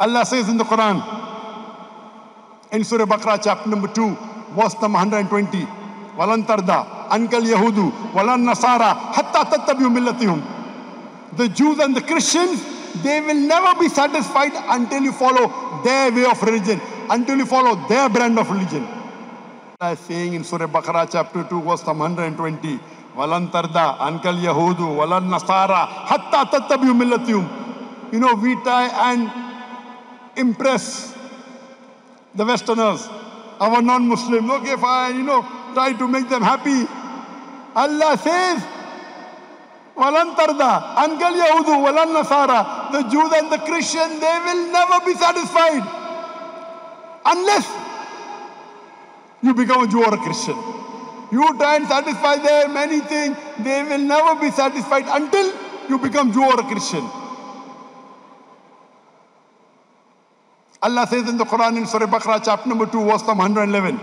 Allah says in the Quran, in Surah Baqarah, chapter number 2, verse number 120, "Valantarda, uncle ankal yahudu, walan nasara, hatta millatihum. The Jews and the Christians, they will never be satisfied until you follow their way of religion, until you follow their brand of religion. Allah is saying in Surah Baqarah, chapter 2, verse number 120, "Valantarda, uncle ankal yahudu, walan nasara, hatta millatihum. You know, we try and impress the Westerners, our non-Muslims. Okay, fine, you know, try to make them happy. Allah says, Walantarda, Ankal Yahudu, Walan Nasara, the Jews and the Christians, they will never be satisfied unless you become a Jew or a Christian. You try and satisfy them, anything, they will never be satisfied until you become Jew or a Christian. Allah says in the Quran in Surah Baqarah, chapter number 2, verse number 111.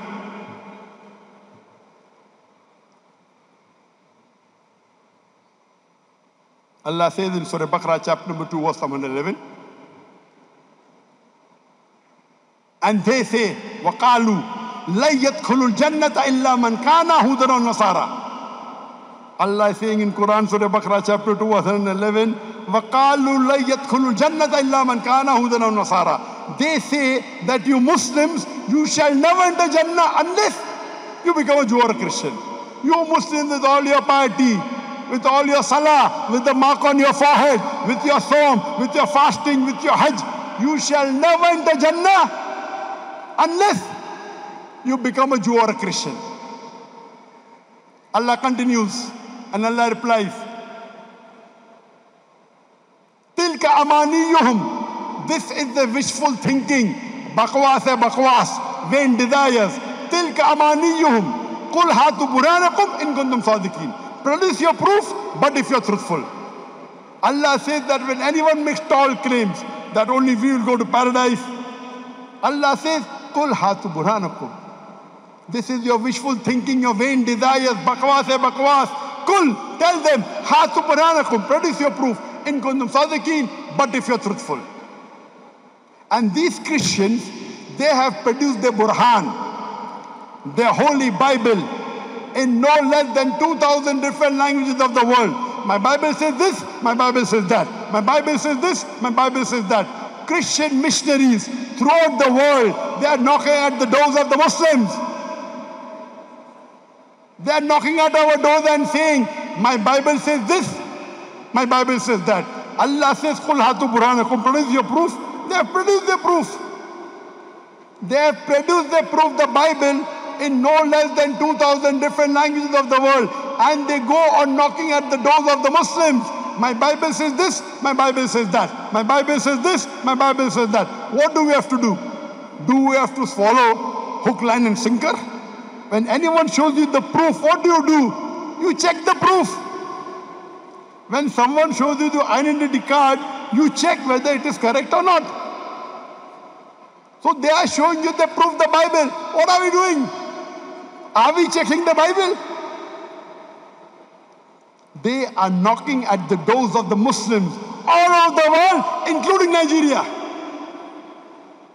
Allah says in Surah Baqarah, chapter number 2, verse number 111. And they say, وَقَالُوا لَن يَدْخُلُ الْجَنَّةَ إِلَّا مَنْ كَانَ هُدًى Nasara." Allah is saying in Quran, Surah Baqarah, chapter 2, verse 111, وَقَالُوا لَن يَدْخُلُ الْجَنَّةَ إِلَّا مَنْ كَانَ هُدًى Nasara." they say that you Muslims, you shall never enter Jannah unless you become a Jew or a Christian. You Muslims with all your piety, with all your salah, with the mark on your forehead, with your psalm, with your fasting, with your hajj, you shall never enter Jannah unless you become a Jew or a Christian. Allah continues and Allah replies, تِلْكَ أَمَانِيُّهُمْ this is the wishful thinking. बकवास है बकवास when desires तिल का अमानीम कुल हाथ बुरानकुम इनकुम Produce your proof, but if you're truthful. Allah says that when anyone makes tall claims that only we will go to paradise, Allah says, Kul hatu buranakum. This is your wishful thinking, your vain desires, bakwas hai bakwas. Kul, tell them, hatu buranakum. produce your proof. In kundum sadiqeen, but if you're truthful. And these Christians, they have produced the Burhan, the Holy Bible, in no less than 2,000 different languages of the world. My Bible says this, my Bible says that. My Bible says this, my Bible says that. Christian missionaries throughout the world, they are knocking at the doors of the Muslims. They are knocking at our doors and saying, My Bible says this, my Bible says that. Allah says, produce your proof. They have produced the proof. They have produced the proof, the Bible, in no less than 2,000 different languages of the world. And they go on knocking at the doors of the Muslims. My Bible says this, my Bible says that. My Bible says this, my Bible says that. What do we have to do? Do we have to swallow hook, line, and sinker? When anyone shows you the proof, what do you do? You check the proof. When someone shows you the identity card, you check whether it is correct or not. So they are showing you they prove the Bible. What are we doing? Are we checking the Bible? They are knocking at the doors of the Muslims all over the world, including Nigeria.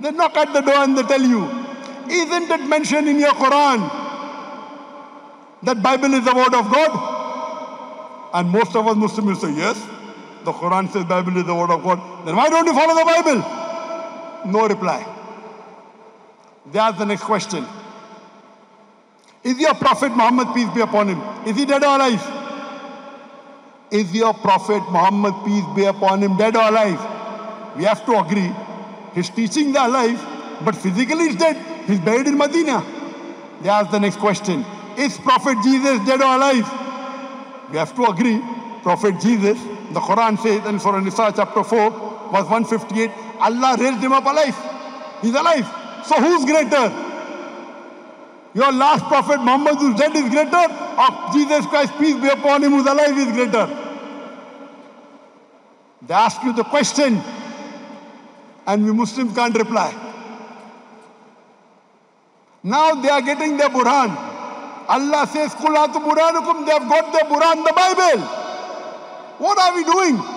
They knock at the door and they tell you, isn't it mentioned in your Quran that Bible is the word of God? And most of us Muslims will say, yes, the Quran says Bible is the word of God. Then why don't you follow the Bible? No reply. They ask the next question. Is your Prophet Muhammad, peace be upon him, is he dead or alive? Is your Prophet Muhammad, peace be upon him, dead or alive? We have to agree. His teachings are alive, but physically he's dead. He's buried in Medina. They ask the next question. Is Prophet Jesus dead or alive? We have to agree, Prophet Jesus, the Quran says in Surah Nisa chapter 4, verse 158, Allah raised him up alive. He's alive. So who's greater? Your last prophet Muhammad who's dead is greater or Jesus Christ, peace be upon him, who's alive is greater? They ask you the question and we Muslims can't reply. Now they are getting their Quran. Allah says, they have got the Quran, the Bible. What are we doing?